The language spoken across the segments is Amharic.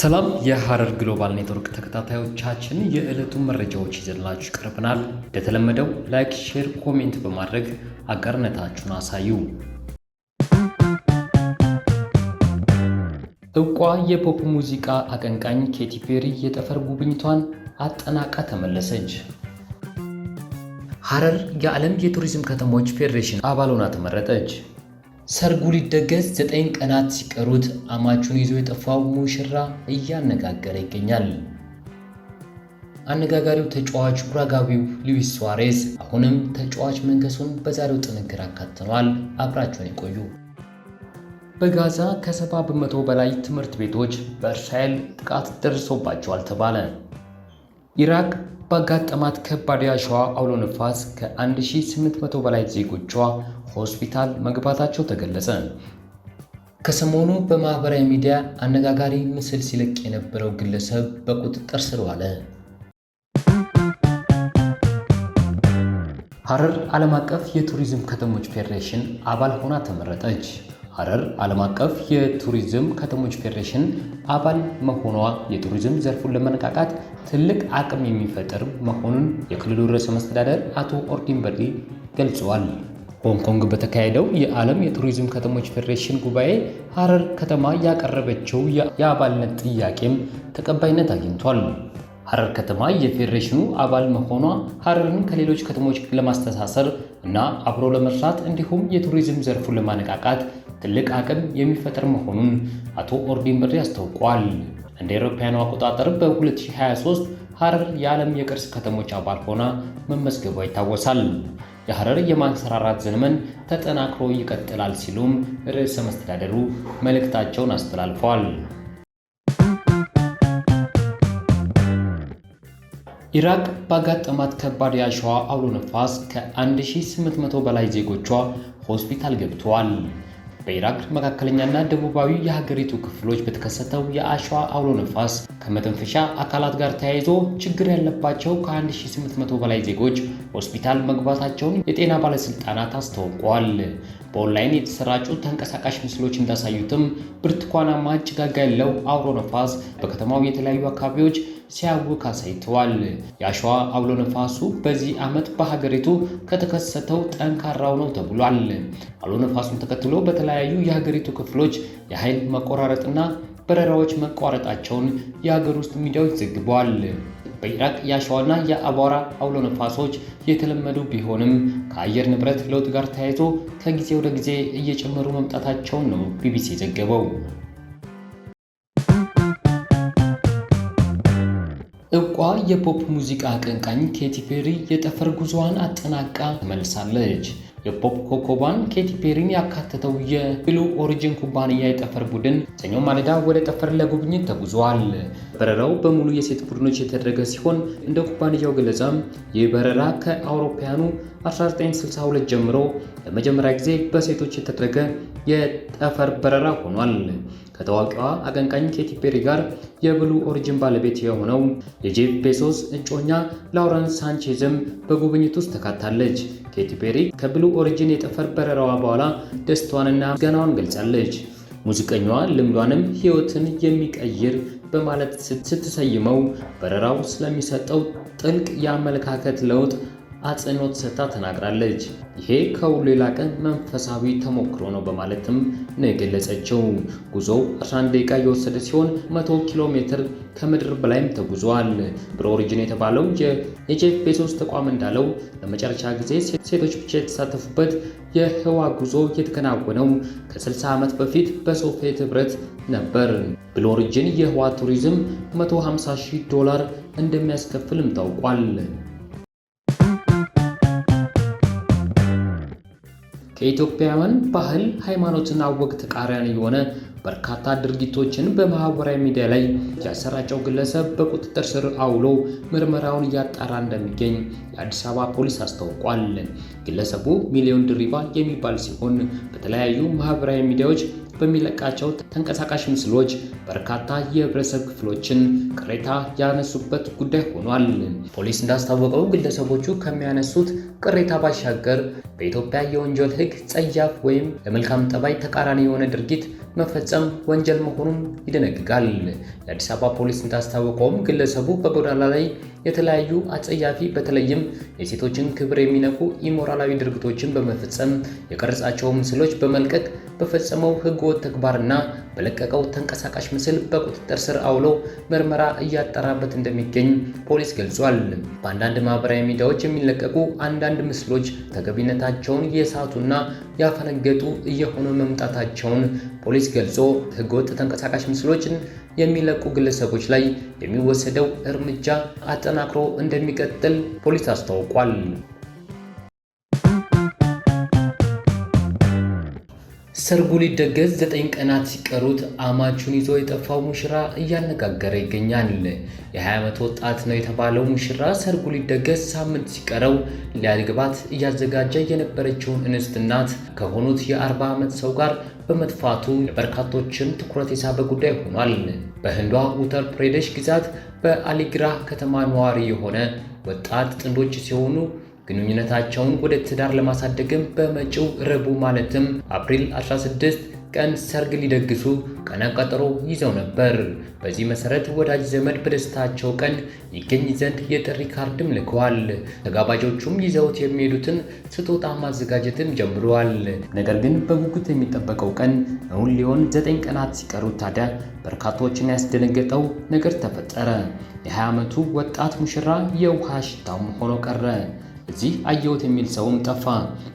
ሰላም የሐረር ግሎባል ኔትወርክ ተከታታዮቻችን የዕለቱን መረጃዎች ይዘንላችሁ ቀርበናል። እንደተለመደው ላይክ፣ ሼር፣ ኮሜንት በማድረግ አጋርነታችሁን አሳዩ። እውቋ የፖፕ ሙዚቃ አቀንቃኝ ኬቲ ፔሪ የጠፈር ጉብኝቷን አጠናቃ ተመለሰች። ሐረር የዓለም የቱሪዝም ከተሞች ፌዴሬሽን አባል ሆና ተመረጠች። ሰርጉ ሊደገስ ዘጠኝ ቀናት ሲቀሩት አማቹን ይዞ የጠፋው ሙሽራ እያነጋገረ ይገኛል። አነጋጋሪው ተጫዋች ኡራጓዊው ሉዊስ ሱዋሬዝ አሁንም ተጫዋች መንገሱን በዛሬው ጥንቅር አካትኗል። አብራቸውን ይቆዩ። በጋዛ ከሰባ በመቶ በላይ ትምህርት ቤቶች በእስራኤል ጥቃት ደርሶባቸዋል ተባለ። ኢራቅ ባጋጠማት ከባድ የአሸዋ አውሎ ነፋስ ከ1800 በላይ ዜጎቿ ሆስፒታል መግባታቸው ተገለጸ። ከሰሞኑ በማኅበራዊ ሚዲያ አነጋጋሪ ምስል ሲለቅ የነበረው ግለሰብ በቁጥጥር ስር ዋለ። ሐረር ዓለም አቀፍ የቱሪዝም ከተሞች ፌዴሬሽን አባል ሆና ተመረጠች። ሐረር ዓለም አቀፍ የቱሪዝም ከተሞች ፌዴሬሽን አባል መሆኗ የቱሪዝም ዘርፉን ለመነቃቃት ትልቅ አቅም የሚፈጥር መሆኑን የክልሉ ርዕሰ መስተዳደር አቶ ኦርዲን በድሪ ገልጸዋል። ሆንግ ኮንግ በተካሄደው የዓለም የቱሪዝም ከተሞች ፌዴሬሽን ጉባኤ ሐረር ከተማ ያቀረበችው የአባልነት ጥያቄም ተቀባይነት አግኝቷል። ሐረር ከተማ የፌዴሬሽኑ አባል መሆኗ ሐረርን ከሌሎች ከተሞች ለማስተሳሰር እና አብሮ ለመስራት እንዲሁም የቱሪዝም ዘርፉን ለማነቃቃት ትልቅ አቅም የሚፈጥር መሆኑን አቶ ኦርዲን ብሬ አስታውቋል። እንደ አውሮፓውያኑ አቆጣጠር በ2023 ሐረር የዓለም የቅርስ ከተሞች አባል ሆና መመዝገቧ ይታወሳል። የሐረር የማንሰራራት ዘመን ተጠናክሮ ይቀጥላል ሲሉም ርዕሰ መስተዳደሩ መልእክታቸውን አስተላልፈዋል። ኢራቅ ባጋጠማት ከባድ የአሸዋ አውሎ ነፋስ ከ1800 በላይ ዜጎቿ ሆስፒታል ገብተዋል። በኢራቅ መካከለኛና ደቡባዊ የሀገሪቱ ክፍሎች በተከሰተው የአሸዋ አውሎ ነፋስ ከመተንፈሻ አካላት ጋር ተያይዞ ችግር ያለባቸው ከ1800 በላይ ዜጎች ሆስፒታል መግባታቸውን የጤና ባለስልጣናት አስታውቋል። በኦንላይን የተሰራጩ ተንቀሳቃሽ ምስሎች እንዳሳዩትም ብርቱካናማ ጭጋጋ ያለው አውሎ ነፋስ በከተማው የተለያዩ አካባቢዎች ሲያውክ አሳይተዋል። የአሸዋ አውሎ ነፋሱ በዚህ ዓመት በሀገሪቱ ከተከሰተው ጠንካራው ነው ተብሏል። አውሎ ነፋሱን ተከትሎ በተለያዩ የሀገሪቱ ክፍሎች የኃይል መቆራረጥና በረራዎች መቋረጣቸውን የሀገር ውስጥ ሚዲያዎች ዘግበዋል። በኢራቅ የአሸዋና የአቧራ አውሎ ነፋሶች የተለመዱ ቢሆንም ከአየር ንብረት ለውጥ ጋር ተያይዞ ከጊዜ ወደ ጊዜ እየጨመሩ መምጣታቸውን ነው ቢቢሲ ዘገበው። እውቋ የፖፕ ሙዚቃ አቀንቃኝ ኬቲ ፔሪ የጠፈር ጉዞዋን አጠናቃ ተመልሳለች። የፖፕ ኮኮባን ኬቲ ፔሪን ያካተተው የብሉ ኦሪጅን ኩባንያ የጠፈር ቡድን ሰኞ ማለዳ ወደ ጠፈር ለጉብኝት ተጉዟል። በረራው በሙሉ የሴት ቡድኖች የተደረገ ሲሆን እንደ ኩባንያው ገለጻም ይህ በረራ ከአውሮፓውያኑ 1962 ጀምሮ ለመጀመሪያ ጊዜ በሴቶች የተደረገ የጠፈር በረራ ሆኗል። ከታዋቂዋ አቀንቃኝ ኬቲ ፔሪ ጋር የብሉ ኦሪጅን ባለቤት የሆነው የጄፍ ቤሶስ እጮኛ ላውረንስ ሳንቼዝም በጉብኝት ውስጥ ተካታለች። ኬቲ ፔሪ ከብሉ ኦሪጅን የጠፈር በረራዋ በኋላ ደስታዋንና ምስጋናዋን ገልጻለች። ሙዚቀኛዋ ልምዷንም ሕይወትን የሚቀይር በማለት ስትሰይመው በረራው ስለሚሰጠው ጥልቅ የአመለካከት ለውጥ አጽንኦት ሰጥታ ተናግራለች። ይሄ ከሁሉ የላቀ መንፈሳዊ ተሞክሮ ነው በማለትም ነው የገለጸችው። ጉዞው 11 ደቂቃ የወሰደ ሲሆን 100 ኪሎ ሜትር ከምድር በላይም ተጉዟል። ብሮ ኦሪጅን የተባለው የጄፍ ቤዞስ ተቋም እንዳለው ለመጨረሻ ጊዜ ሴቶች ብቻ የተሳተፉበት የህዋ ጉዞ የተከናወነው ከ60 ዓመት በፊት በሶቪየት ህብረት ነበር። ብሎ ኦሪጅን የህዋ ቱሪዝም 150 ሺህ ዶላር እንደሚያስከፍልም ታውቋል። ከኢትዮጵያውያን ባህል፣ ሃይማኖትና ወግ ተቃራኒ የሆነ በርካታ ድርጊቶችን በማህበራዊ ሚዲያ ላይ ያሰራጨው ግለሰብ በቁጥጥር ስር አውሎ ምርመራውን እያጣራ እንደሚገኝ የአዲስ አበባ ፖሊስ አስታውቋል። ግለሰቡ ሚሊዮን ድሪባ የሚባል ሲሆን በተለያዩ ማህበራዊ ሚዲያዎች በሚለቃቸው ተንቀሳቃሽ ምስሎች በርካታ የህብረተሰብ ክፍሎችን ቅሬታ ያነሱበት ጉዳይ ሆኗል። ፖሊስ እንዳስታወቀው ግለሰቦቹ ከሚያነሱት ቅሬታ ባሻገር በኢትዮጵያ የወንጀል ህግ ጸያፍ ወይም ለመልካም ጠባይ ተቃራኒ የሆነ ድርጊት መፈጸም ወንጀል መሆኑን ይደነግጋል። የአዲስ አበባ ፖሊስ እንዳስታወቀውም ግለሰቡ በጎዳና ላይ የተለያዩ አጸያፊ በተለይም የሴቶችን ክብር የሚነኩ ኢሞራላዊ ድርጊቶችን በመፈጸም የቀረጻቸው ምስሎች በመልቀቅ በፈጸመው ህገወጥ ተግባርና በለቀቀው ተንቀሳቃሽ ምስል በቁጥጥር ስር አውሎ ምርመራ እያጠራበት እንደሚገኝ ፖሊስ ገልጿል። በአንዳንድ ማህበራዊ ሚዲያዎች የሚለቀቁ አንዳንድ ምስሎች ተገቢነታቸውን የሳቱና ያፈነገጡ እየሆኑ መምጣታቸውን ፖሊስ ፖሊስ ገልጾ ህገወጥ ተንቀሳቃሽ ምስሎችን የሚለቁ ግለሰቦች ላይ የሚወሰደው እርምጃ አጠናክሮ እንደሚቀጥል ፖሊስ አስታውቋል። ሰርጉ ሊደገስ ዘጠኝ ቀናት ሲቀሩት አማቹን ይዞ የጠፋው ሙሽራ እያነጋገረ ይገኛል። የ20 ዓመት ወጣት ነው የተባለው ሙሽራ ሰርጉ ሊደገስ ሳምንት ሲቀረው ሊያግባት እያዘጋጀ የነበረችውን እንስት እናት ከሆኑት የ40 ዓመት ሰው ጋር በመጥፋቱ በርካቶችን ትኩረት የሳበ ጉዳይ ሆኗል። በህንዷ ኡተር ፕሬደሽ ግዛት በአሊግራህ ከተማ ነዋሪ የሆነ ወጣት ጥንዶች ሲሆኑ ግንኙነታቸውን ወደ ትዳር ለማሳደግም በመጪው ረቡዕ ማለትም አፕሪል 16 ቀን ሰርግ ሊደግሱ ቀነ ቀጠሮ ይዘው ነበር። በዚህ መሰረት ወዳጅ ዘመድ በደስታቸው ቀን ይገኝ ዘንድ የጥሪ ካርድም ልከዋል። ተጋባዦቹም ይዘውት የሚሄዱትን ስጦታ ማዘጋጀትም ጀምረዋል። ነገር ግን በጉጉት የሚጠበቀው ቀን እውን ሊሆን ዘጠኝ ቀናት ሲቀሩት ታዲያ በርካቶችን ያስደነገጠው ነገር ተፈጠረ። የ20 ዓመቱ ወጣት ሙሽራ የውሃ ሽታም ሆኖ ቀረ። እዚህ አየሁት የሚል ሰውም ጠፋ።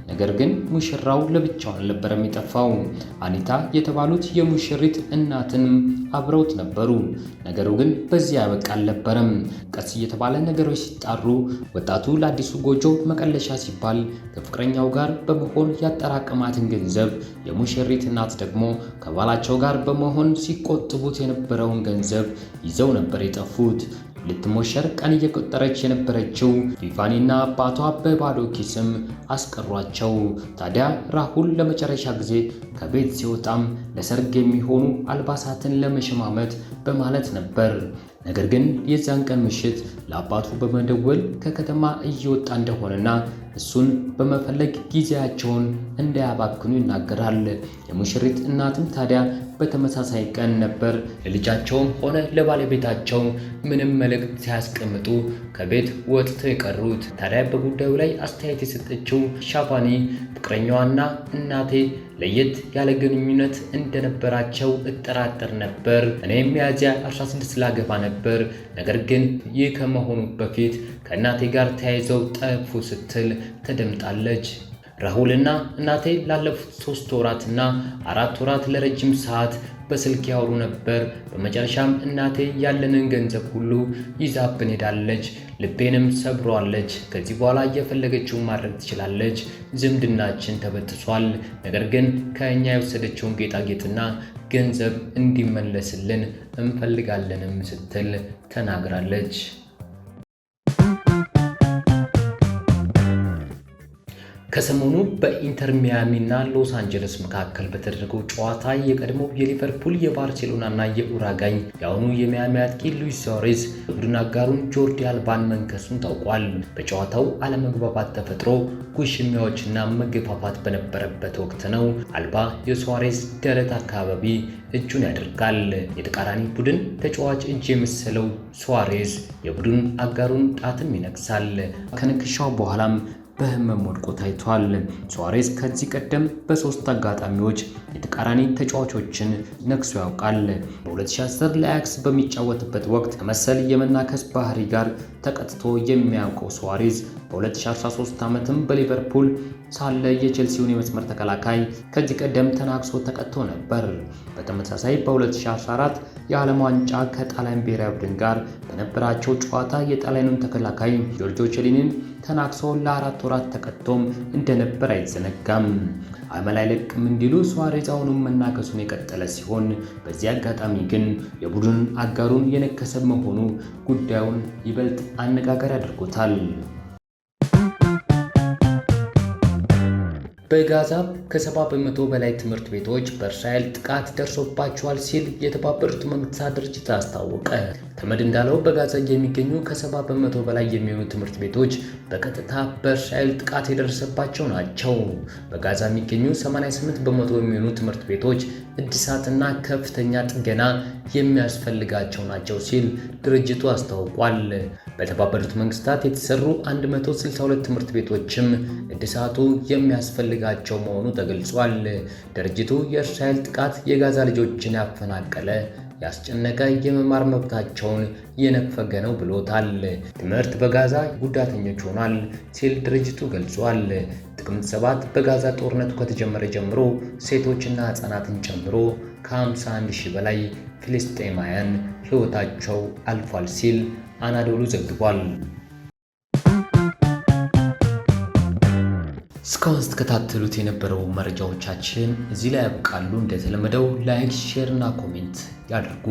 ነገር ግን ሙሽራው ለብቻው አልነበረም የጠፋው። አኒታ የተባሉት የሙሽሪት እናትንም አብረውት ነበሩ። ነገሩ ግን በዚያ ያበቃ አልነበረም። ቀስ እየተባለ ነገሮች ሲጣሩ ወጣቱ ለአዲሱ ጎጆ መቀለሻ ሲባል ከፍቅረኛው ጋር በመሆን ያጠራቀማትን ገንዘብ፣ የሙሽሪት እናት ደግሞ ከባላቸው ጋር በመሆን ሲቆጥቡት የነበረውን ገንዘብ ይዘው ነበር የጠፉት። ልትሞሸር ቀን እየቆጠረች የነበረችው ቲፋኒና አባቷ በባዶ ኪስም አስቀሯቸው። ታዲያ ራሁል ለመጨረሻ ጊዜ ከቤት ሲወጣም ለሰርግ የሚሆኑ አልባሳትን ለመሸማመት በማለት ነበር። ነገር ግን የዛን ቀን ምሽት ለአባቱ በመደወል ከከተማ እየወጣ እንደሆነና እሱን በመፈለግ ጊዜያቸውን እንዳያባክኑ ይናገራል። የሙሽሪት እናትም ታዲያ በተመሳሳይ ቀን ነበር ለልጃቸውም ሆነ ለባለቤታቸው ምንም መልእክት ሲያስቀምጡ ከቤት ወጥተው የቀሩት። ታዲያ በጉዳዩ ላይ አስተያየት የሰጠችው ሻፋኒ ፍቅረኛዋና እናቴ ለየት ያለ ግንኙነት እንደነበራቸው እጠራጠር ነበር። እኔ ሚያዝያ 16 ላገባ ነበር፣ ነገር ግን ይህ ከመሆኑ በፊት ከእናቴ ጋር ተያይዘው ጠፉ ስትል ተደምጣለች። ራሁልና እናቴ ላለፉት ሶስት ወራትና አራት ወራት ለረጅም ሰዓት በስልክ ያወሩ ነበር። በመጨረሻም እናቴ ያለንን ገንዘብ ሁሉ ይዛብን ሄዳለች፣ ልቤንም ሰብሯለች። ከዚህ በኋላ እየፈለገችውን ማድረግ ትችላለች። ዝምድናችን ተበጥሷል። ነገር ግን ከእኛ የወሰደችውን ጌጣጌጥና ገንዘብ እንዲመለስልን እንፈልጋለንም ስትል ተናግራለች። ከሰሞኑ በኢንተር ሚያሚና ሎስ አንጀለስ መካከል በተደረገው ጨዋታ የቀድሞው የሊቨርፑል የባርሴሎናና የኡራጋኝ የአሁኑ የሚያሚ አጥቂ ሉዊስ ሶሬዝ የቡድን አጋሩን ጆርዲ አልባን መንከሱን ታውቋል። በጨዋታው አለመግባባት ተፈጥሮ ጉሽሚያዎችና መገፋፋት በነበረበት ወቅት ነው አልባ የሱዋሬዝ ደረት አካባቢ እጁን ያደርጋል። የተቃራኒ ቡድን ተጫዋች እጅ የመሰለው ሱዋሬዝ የቡድን አጋሩን ጣትም ይነክሳል። ከንክሻው በኋላም በህመም ወድቆ ታይቷል። ሱዋሬዝ ከዚህ ቀደም በሶስት አጋጣሚዎች የተቃራኒ ተጫዋቾችን ነክሶ ያውቃል። በ2010 ለአያክስ በሚጫወትበት ወቅት ከመሰል የመናከስ ባህሪ ጋር ተቀጥቶ የሚያውቀው ሱዋሬዝ በ2013 ዓመትም በሊቨርፑል ሳለ የቼልሲውን የመስመር ተከላካይ ከዚህ ቀደም ተናክሶ ተቀጥቶ ነበር። በተመሳሳይ በ2014 የዓለም ዋንጫ ከጣሊያን ብሔራዊ ቡድን ጋር በነበራቸው ጨዋታ የጣሊያኑን ተከላካይ ጆርጆ ቼሊኒን ተናክሶ ለአራት ወራት ተቀጥቶም እንደነበር አይዘነጋም። አመል አይለቅም እንዲሉ ሱዋሬዝ አሁኑም መናከሱን የቀጠለ ሲሆን በዚህ አጋጣሚ ግን የቡድን አጋሩን የነከሰ መሆኑ ጉዳዩን ይበልጥ አነጋገር አድርጎታል። በጋዛ ከሰባ በመቶ በላይ ትምህርት ቤቶች በእስራኤል ጥቃት ደርሶባቸዋል ሲል የተባበሩት መንግስታት ድርጅት አስታወቀ። ተመድ እንዳለው በጋዛ የሚገኙ ከሰባ በመቶ በላይ የሚሆኑ ትምህርት ቤቶች በቀጥታ በእስራኤል ጥቃት የደረሰባቸው ናቸው። በጋዛ የሚገኙ 88 በመቶ የሚሆኑ ትምህርት ቤቶች እድሳትና ከፍተኛ ጥገና የሚያስፈልጋቸው ናቸው ሲል ድርጅቱ አስታውቋል። በተባበሩት መንግስታት የተሰሩ 162 ትምህርት ቤቶችም እድሳቱ የሚያስፈልጋቸው መሆኑ ተገልጿል። ድርጅቱ የእስራኤል ጥቃት የጋዛ ልጆችን ያፈናቀለ ያስጨነቀ የመማር መብታቸውን የነፈገ ነው ብሎታል። ትምህርት በጋዛ ጉዳተኞች ሆኗል ሲል ድርጅቱ ገልጿል። ጥቅምት ሰባት በጋዛ ጦርነቱ ከተጀመረ ጀምሮ ሴቶችና ህጻናትን ጨምሮ ከ51 ሺህ በላይ ፍልስጤማውያን ሕይወታቸው አልፏል ሲል አናዶሉ ዘግቧል። እስካሁን ስትከታተሉት የነበረው መረጃዎቻችን እዚህ ላይ ያብቃሉ። እንደተለመደው ላይክ፣ ሼር እና ኮሜንት ያድርጉ።